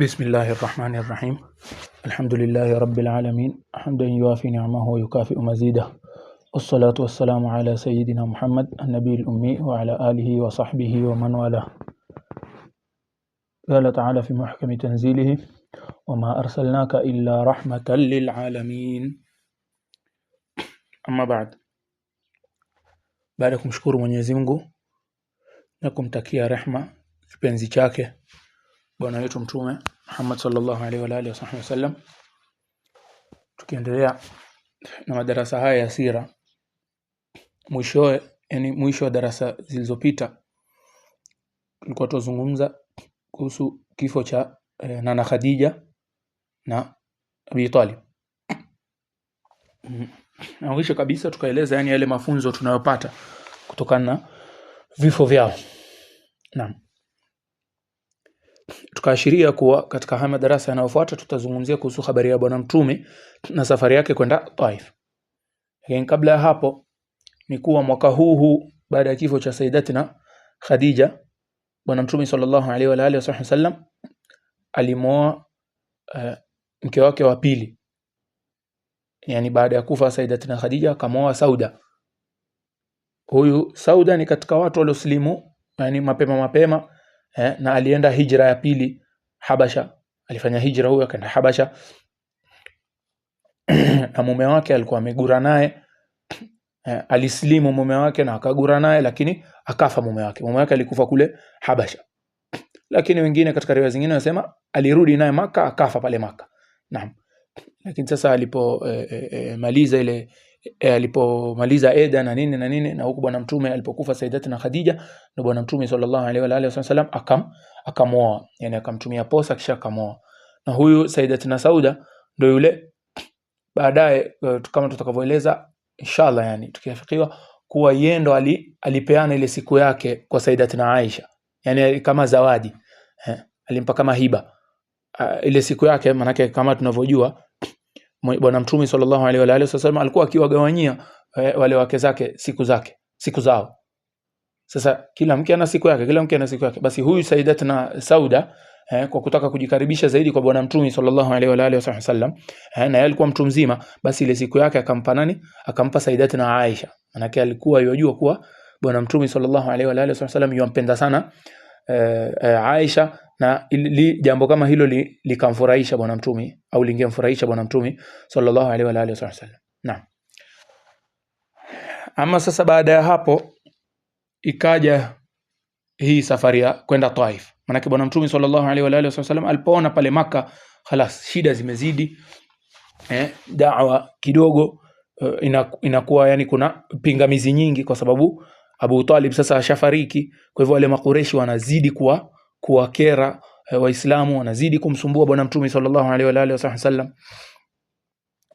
بسم الله الرحمن الرحيم الحمد لله رب العالمين حمدا يوافي نعمه ويكافئ مزيده والصلاة والسلام على سيدنا محمد النبي الأمي وعلى آله وصحبه ومن والاه قال تعالى في محكم تنزيله وما أرسلناك إلا رحمة للعالمين أما بعد بعدكم ya من mwenyezi نكم تكيا رحمة في بنزيكاكه bwana wetu mtume Muhammad sallallahu alaihi wa alihi wasallam tukiendelea na madarasa haya ya sira mwisho yani mwisho wa darasa zilizopita tulikuwa tuzungumza kuhusu kifo cha e, nana Khadija na Abi Talib mm-hmm. na mwisho kabisa tukaeleza yani yale mafunzo tunayopata kutokana na vifo vyao naam Tukaashiria kuwa katika haya madarasa yanayofuata tutazungumzia kuhusu habari ya Bwana Mtume na safari yake kwenda Taif. Lakini kabla ya hapo ni kuwa mwaka huu huu baada ya kifo cha Sayyidatina Khadija, Bwana Mtume sallallahu alaihi wa alihi wasallam alimwoa uh, mke wake wa pili, yani baada ya kufa Sayyidatina Khadija akamwoa Sauda. Huyu Sauda ni katika watu walioslimu yani mapema mapema eh, na alienda hijra ya pili Habasha, alifanya hijra huyo akaenda Habasha na mume wake alikuwa amegura naye eh, alislimu mume wake na akagura naye, lakini akafa mume wake. Mume wake alikufa kule Habasha, lakini wengine katika riwaya zingine wanasema alirudi naye Maka akafa pale Maka. Naam, lakini sasa alipomaliza eh, eh, eh ile e, alipomaliza eda na nini na nini na huku bwana mtume alipokufa Saidatina Khadija ndio bwana mtume sallallahu alaihi wa alihi wasallam akam akamoa yani akamtumia posa kisha akamoa na huyu Saidatina Sauda ndio yule baadaye uh, kama tutakavyoeleza inshallah yani tukifikiwa kuwa yeye ndo ali, alipeana ile siku yake kwa Saidatina Aisha yani kama zawadi eh, alimpa kama hiba uh, ile siku yake manake kama tunavyojua Bwana Mtume sallallahu alaihi wa alihi wasallam alikuwa akiwagawanyia eh, wale wake zake siku zake siku zao. Sasa kila mke ana siku yake, kila mke ana siku yake. Basi huyu Saidatna Sauda eh, kwa kutaka kujikaribisha zaidi kwa Bwana Mtume sallallahu alaihi wa alihi wasallam eh, na yeye alikuwa mtu mzima, basi ile siku yake akampa nani? Akampa Saidatna Aisha. Maana alikuwa yajua kuwa Bwana Mtume sallallahu alaihi wa alihi wasallam yumpenda sana eh, eh, Aisha na ili, jambo kama hilo li, likamfurahisha bwana mtume au lingemfurahisha bwana mtume sallallahu alaihi wa alihi wasallam. Na Ama sasa baada ya hapo ikaja hii safari ya kwenda Taif. Maanake bwana mtume sallallahu alaihi wa alihi wasallam alipoona pale Maka khalas shida zimezidi eh, dawa kidogo uh, inakuwa yani kuna pingamizi nyingi kwa sababu Abu Talib sasa ashafariki, kwa hivyo wale makureshi wanazidi kuwa kuwakera eh, Waislamu, wanazidi kumsumbua Bwana Mtume sallallahu alaihi wa alihi wasallam.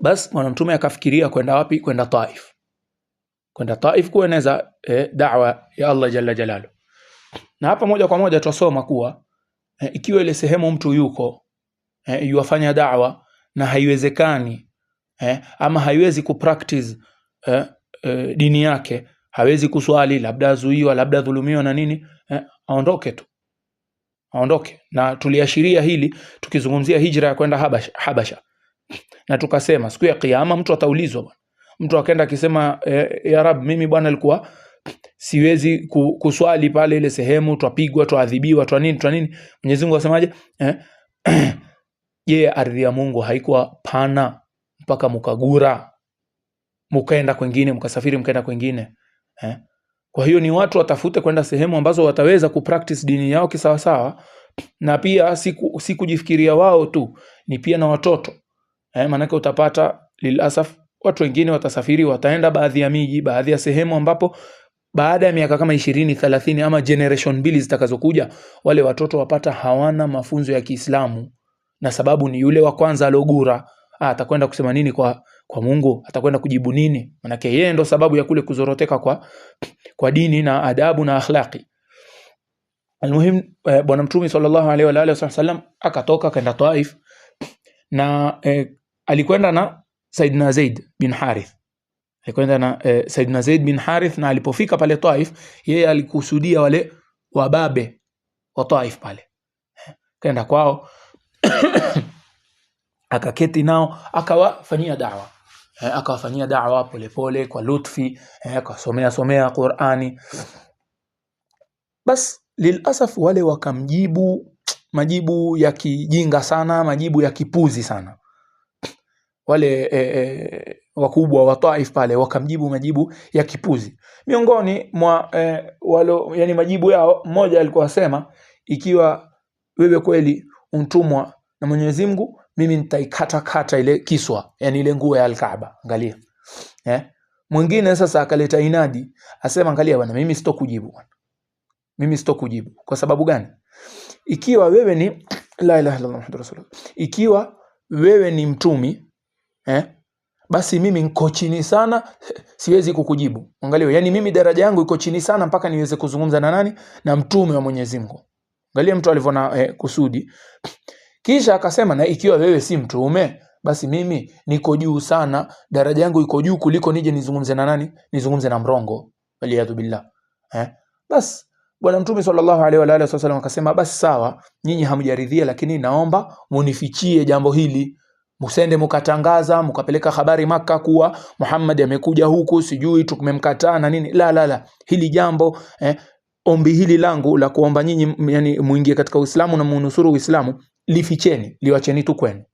Bas Bwana Mtume akafikiria kwenda wapi? Kwenda Taif, kwenda Taif kueneza eh, da'wa ya Allah jalla jalalu. Na hapa moja kwa moja twasoma kuwa eh, ikiwa ile sehemu mtu yuko eh, yuwafanya da'wa na haiwezekani eh, ama haiwezi ku practice eh, eh, dini yake, hawezi kuswali, labda zuiwa, labda dhulumiwa na nini eh, aondoke tu aondoke, na tuliashiria hili tukizungumzia hijra ya kwenda Habasha, Habasha. Na tukasema siku ya kiyama mtu ataulizwa bwana. Mtu akaenda akisema e, ya Rab, mimi bwana alikuwa siwezi kuswali pale ile sehemu, twapigwa, twaadhibiwa, twa nini, twa nini. Mwenyezi Mungu asemaje? Eh, je, ardhi ya Mungu haikuwa pana mpaka mukagura mukaenda kwengine, mkasafiri mkaenda kwengine eh? Kwa hiyo ni watu watafute kwenda sehemu ambazo wataweza kupractice dini yao kisawasawa, na pia siku si kujifikiria wao tu, ni pia na watoto eh, maanake utapata lilasaf watu wengine watasafiri, wataenda baadhi ya miji, baadhi ya sehemu ambapo baada ya miaka kama ishirini thelathini ama generation mbili zitakazokuja, wale watoto wapata hawana mafunzo ya Kiislamu, na sababu ni yule wa kwanza alogura, ah, Atakwenda kusema nini kwa, kwa Mungu? Atakwenda kujibu nini? Manake yeye ndo sababu ya kule kuzoroteka kwa kwa dini na adabu na akhlaqi. Almuhim, eh, bwana mtume sallallahu alaihi wa alihi wasallam akatoka akaenda Taif na eh, alikwenda na Saidna Zaid bin Harith alikwenda na eh, Saidna Zaid bin Harith, na alipofika pale Taif yeye alikusudia wale wababe wa Taif pale, kaenda kwao akaketi nao akawafanyia dawa eh, akawafanyia da'wa polepole kwa lutfi eh, akasomea somea Qur'ani. Bas lilasaf wale wakamjibu majibu ya kijinga sana, majibu ya kipuzi sana wale e, e, wakubwa wa Taif pale wakamjibu majibu ya kipuzi. Miongoni mwa e, walo, yani majibu yao, mmoja alikuwa asema, ikiwa wewe kweli untumwa na Mwenyezi Mungu mimi nitaikata kata ile kiswa, yani ile nguo ya Alkaaba. Angalia eh? Mwingine sasa akaleta inadi, asema angalia bwana, mimi sitokujibu bwana, mimi sitokujibu. Kwa sababu gani? Ikiwa wewe ni la ilaha illallah muhammadur rasulullah, ikiwa wewe ni mtumi eh? basi mimi niko chini sana, siwezi kukujibu. Angalia, yani mimi daraja yangu iko chini sana mpaka niweze kuzungumza na nani? Na mtume wa Mwenyezi Mungu. Angalia mtu alivyona eh, kusudi kisha akasema na ikiwa wewe si mtume, basi mimi niko juu sana, daraja yangu iko juu kuliko nije nizungumze na nani? Nizungumze na mrongo, waliyadhu billah. Eh, bas Bwana Mtume sallallahu alaihi wa alihi wasallam akasema, basi sawa, nyinyi hamjaridhia, lakini naomba munifichie jambo hili Musende mukatangaza mukapeleka habari Maka kuwa Muhammad amekuja huku, sijui tumemkataa na nini. La, la, la, hili jambo eh, ombi hili langu la kuomba nyinyi yani muingie katika Uislamu na munusuru Uislamu, lificheni, liwacheni tu kwenu.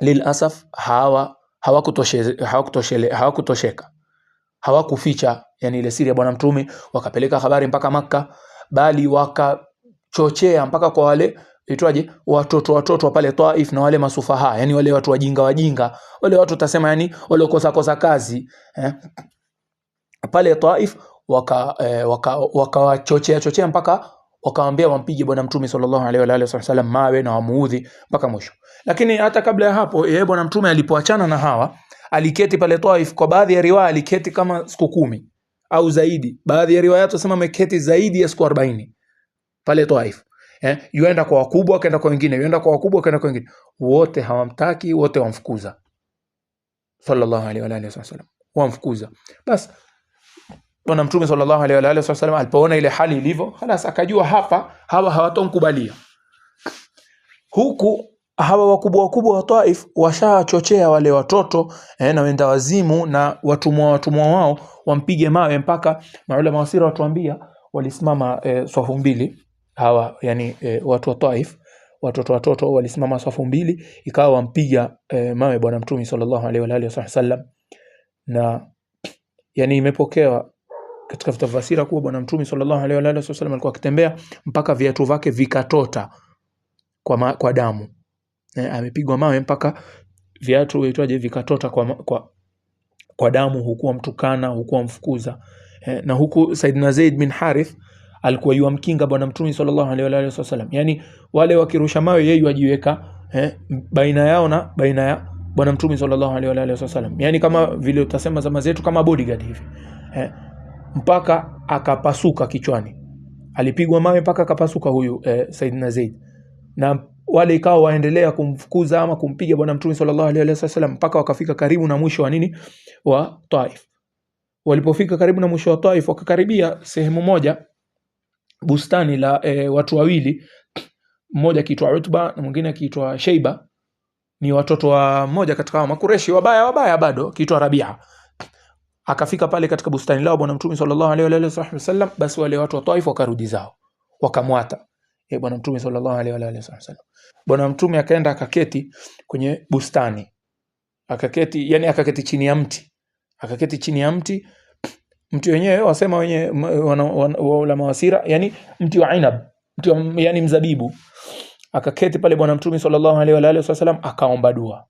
Lil asaf hawa hawakutosheka hawakutosheka hawakuficha yani ile siri ya Bwana Mtume, wakapeleka habari mpaka Makka, bali wakachochea mpaka kwa wale itwaje watoto watoto wa pale Taif na wale masufaha, yani wale watu wajinga wajinga, wale watu utasema yani wale kosa kosa kazi eh, pale Taif waka, eh, waka, waka chochea chochea mpaka wakawaambia wampige bwana mtume sallallahu alaihi wa alihi wasallam mawe na wamuudhi mpaka mwisho. Lakini hata kabla ya hapo, yeye bwana mtume alipoachana na hawa aliketi pale Taif. Kwa baadhi ya riwaya aliketi kama siku kumi au zaidi, baadhi ya riwaya tunasema ameketi zaidi ya siku 40 pale Taif. Eh, yuenda kwa wakubwa akaenda kwa wengine, yuenda kwa wakubwa akaenda kwa wengine, wote hawamtaki, wote wamfukuza sallallahu alaihi wa alihi wasallam, wamfukuza basi bwana mtume sallallahu alaihi wa alihi wasallam alipoona ile hali ilivyo halas akajua hapa hawa hawatomkubalia huku hawa wakubwa wakubwa wa Taif washachochea wale watoto eh, na wenda wazimu na watumwa watumwa wao wampige mawe mpaka maulama wasira watuambia walisimama eh, swafu mbili hawa yani eh, watu wa Taif watoto watoto walisimama swafu mbili ikawa wampiga eh, mawe bwana mtume sallallahu alaihi wa alihi wasallam na yani imepokewa katika tafasira kuwa bwana mtume sallallahu alaihi wa alihi wasallam alikuwa akitembea mpaka viatu vyake vikatota kwa, ma, kwa damu e, amepigwa mawe mpaka viatu huitwaje vikatota kwa, kwa, kwa damu hukuwa mtukana hukuwa mfukuza e, na huku Saidna Zaid bin Harith alikuwa yuamkinga bwana mtume sallallahu alaihi wa alihi wasallam yani wale wakirusha mawe yeye wajiweka eh, baina yao na baina ya bwana mtume sallallahu alaihi wa alihi wasallam yani kama vile utasema zama zetu kama bodyguard hivi eh, mpaka akapasuka kichwani, alipigwa mawe mpaka akapasuka huyu eh, Saidina Zaid, na wale ikawa waendelea kumfukuza ama kumpiga Bwana Mtume sallallahu alaihi wasallam mpaka wakafika karibu na mwisho wa nini wa Taif. Walipofika karibu na mwisho wa Taif, wakakaribia sehemu moja, bustani la e, watu wawili, mmoja akiitwa Utba na mwingine akiitwa Sheiba, ni watoto wa mmoja katika wa Makureshi wabaya wabaya, bado akiitwa Rabia akafika pale katika bustani lao bwana mtume sallallahu alaihi wa alihi wasallam basi wale watu wa Taif wakarudi zao wakamwata e bwana mtume sallallahu alaihi wa alihi wasallam bwana mtume akaenda akaketi kwenye bustani akaketi yani akaketi chini ya mti akaketi chini ya mti mti wenyewe wasema wenye ulama wasira yani mti wa inab mti wa, yani mzabibu akaketi pale bwana mtume sallallahu alaihi wa alihi wasallam akaomba dua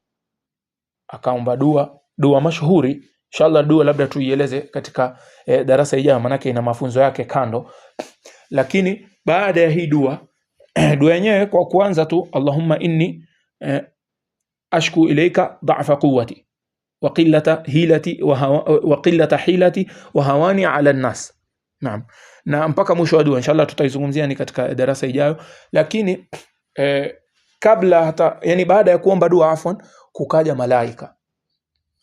akaomba dua dua mashuhuri Inshallah dua labda tuieleze katika e, darasa ijayo, manake ina mafunzo yake kando. Lakini baada ya hii dua dua yenyewe kwa kuanza tu Allahumma inni e, ashku ilaika dha'fa quwwati wa qillata hilati wa, hawa, wa qillata hilati wa hawani ala nnas. Naam. Na mpaka mwisho wa dua inshallah tutaizungumzia ni katika darasa ijayo, lakini e, kabla hata yani baada ya kuomba dua afwan, kukaja malaika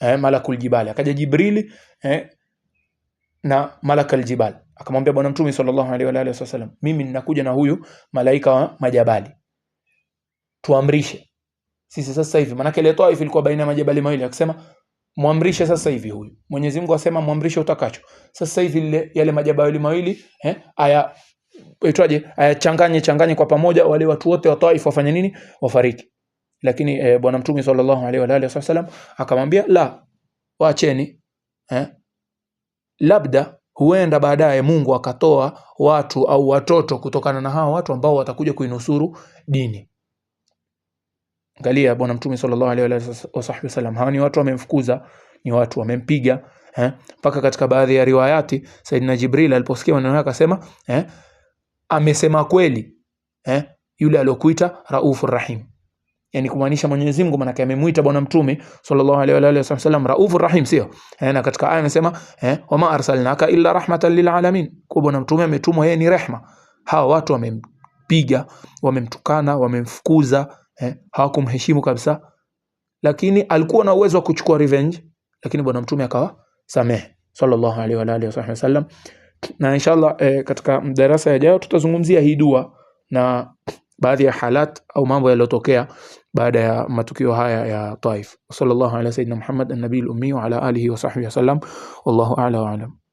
eh, malakul jibali akaja Jibrili eh, na malakal jibal akamwambia bwana mtume sallallahu alaihi wa alihi wasallam mimi ninakuja na huyu malaika wa majabali tuamrishe sisi sasa hivi manake ile Taif ilikuwa baina ya majabali mawili akasema muamrishe sasa hivi huyu Mwenyezi Mungu asema muamrishe utakacho sasa hivi ile yale majabali mawili eh, aya aitwaje ayachanganye changanye kwa pamoja wale watu wote wa Taif wafanye nini wafariki lakini e, bwana mtume sallallahu alaihi wa alihi wasallam akamwambia la, wacheni eh? labda huenda baadaye Mungu akatoa watu au watoto kutokana na hawa watu ambao watakuja kuinusuru dini. Angalia bwana mtume sallallahu alaihi wa sahbihi wasallam, hawa ni watu wamemfukuza, ni watu wamempiga eh. mpaka katika baadhi ya riwayati Saidina Jibril aliposikia maneno yake akasema eh? amesema kweli eh? yule aliyokuita Raufur Rahim yani kumaanisha Mwenyezi Mungu maana yake amemuita bwana mtume sallallahu alaihi wa alihi wasallam raufur rahim, sio eh? na katika aya anasema eh, wama arsalnaka illa rahmatan lil alamin, kwa bwana mtume ametumwa yeye ni rehma. Hawa watu wamempiga, wamemtukana, wamemfukuza eh, hawakumheshimu kabisa, lakini alikuwa na uwezo wa kuchukua revenge, lakini bwana mtume akawa samehe sallallahu alaihi wa alihi wasallam. Na inshallah eh, katika darasa yajayo tutazungumzia hii dua na baadhi ya halat au mambo yaliyotokea baada ya matukio haya ya Taif. Sallallahu alaihi wasallam Muhammad an nabiyul ummi wa ala alihi wa sahbihi wasallam. Wallahu a'la wa a'lam.